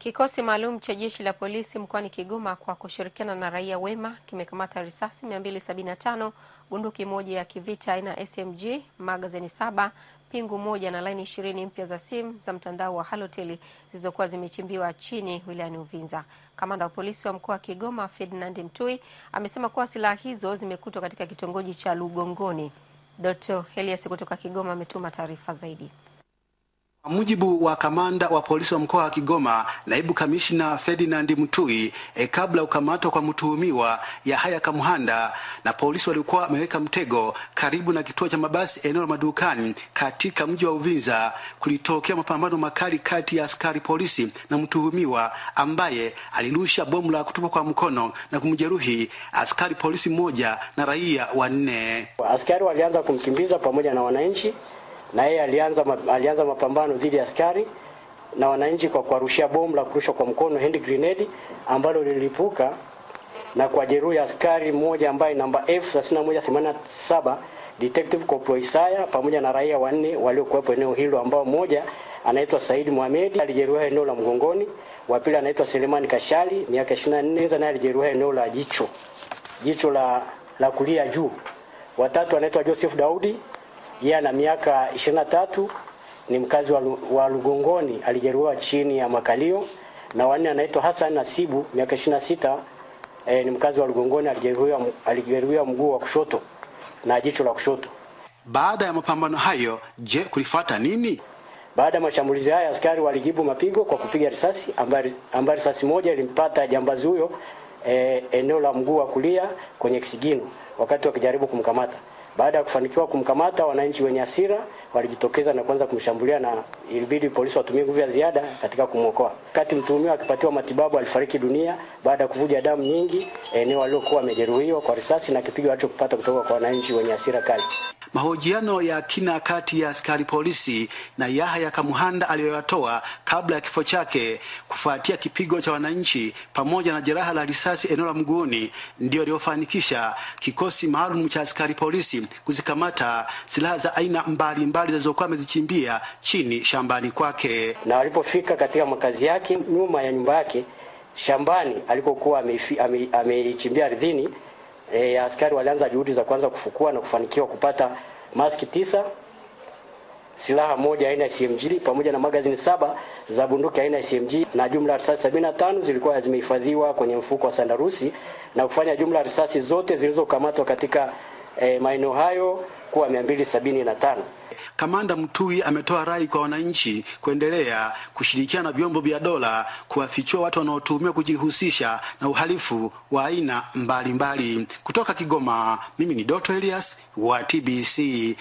Kikosi maalum cha jeshi la polisi mkoani Kigoma kwa kushirikiana na raia wema kimekamata risasi 275, bunduki moja ya kivita aina SMG, magazini saba, pingu moja na laini ishirini mpya za simu za mtandao wa Halotel zilizokuwa zimechimbiwa chini wilayani Uvinza. Kamanda wa polisi wa mkoa wa Kigoma Ferdinand Mtui amesema kuwa silaha hizo zimekutwa katika kitongoji cha Lugongoni. Dr. Elias kutoka Kigoma ametuma taarifa zaidi. Kwa mujibu wa kamanda wa polisi wa mkoa wa Kigoma, naibu kamishna Ferdinand Mtui, e, eh, kabla ukamatwa kwa mtuhumiwa haya Kamuhanda na polisi walikuwa wameweka mtego karibu na kituo cha mabasi eneo la madukani katika mji wa Uvinza. Kulitokea mapambano makali kati ya askari polisi na mtuhumiwa ambaye alirusha bomu la kutupa kwa mkono na kumjeruhi askari polisi mmoja na raia wanne. Askari walianza kumkimbiza pamoja na wananchi na yeye alianza, alianza mapambano dhidi ya askari na wananchi kwa kuwarushia bomu la kurusha kwa mkono hand grenade ambalo lilipuka na kwa jeruhi askari mmoja ambaye namba F3187 Detective Kopo Isaya pamoja na raia wanne waliokuwepo eneo hilo ambao mmoja anaitwa Said Mohamed alijeruhiwa eneo la mgongoni, wa pili anaitwa Selemani Kashali miaka 24 naye alijeruhiwa eneo la jicho jicho la, la kulia juu, watatu anaitwa Joseph Daudi yeye ana miaka 23, ni mkazi wa Lugongoni, alijeruhiwa chini ya makalio, na wanne anaitwa Hassan Nasibu miaka 26, na e, ni mkazi wa Lugongoni, alijeruhiwa alijeruhiwa mguu wa kushoto na jicho la kushoto. Baada ya mapambano hayo, je, kulifuata nini? Baada ya mashambulizi haya, askari walijibu mapigo kwa kupiga risasi ambayo risasi moja ilimpata jambazi huyo e, eh, eneo la mguu wa kulia kwenye kisigino wakati wakijaribu kumkamata. Baada ya kufanikiwa kumkamata, wananchi wenye hasira walijitokeza na kuanza kumshambulia na ilibidi polisi watumie nguvu ya ziada katika kumwokoa. Kati mtuhumiwa akipatiwa matibabu, alifariki dunia baada ya kuvuja damu nyingi eneo alilokuwa amejeruhiwa kwa risasi na kipigo alichokipata kutoka kwa wananchi wenye hasira kali. Mahojiano ya kina kati ya askari polisi na Yahya Kamuhanda aliyoyatoa kabla ya kifo chake kufuatia kipigo cha wananchi pamoja na jeraha la risasi eneo la mguuni ndiyo aliyofanikisha kikosi maalum cha askari polisi kuzikamata silaha za aina mbalimbali zilizokuwa amezichimbia chini shambani kwake, na walipofika katika makazi yake nyuma ya nyumba yake shambani alikokuwa ameichimbia ame, ame ardhini e, askari walianza juhudi za kwanza kufukua na kufanikiwa kupata maski tisa, silaha moja aina ya SMG pamoja na magazini saba za bunduki aina ya SMG na jumla ya risasi 75 zilikuwa zimehifadhiwa kwenye mfuko wa sandarusi na kufanya jumla ya risasi zote zilizokamatwa katika e, maeneo hayo kuwa mia mbili sabini na tano. Kamanda Mtui ametoa rai kwa wananchi kuendelea kushirikiana na vyombo vya dola kuwafichua watu wanaotuhumiwa kujihusisha na uhalifu wa aina mbalimbali. Kutoka Kigoma, mimi ni Doto Elias wa TBC.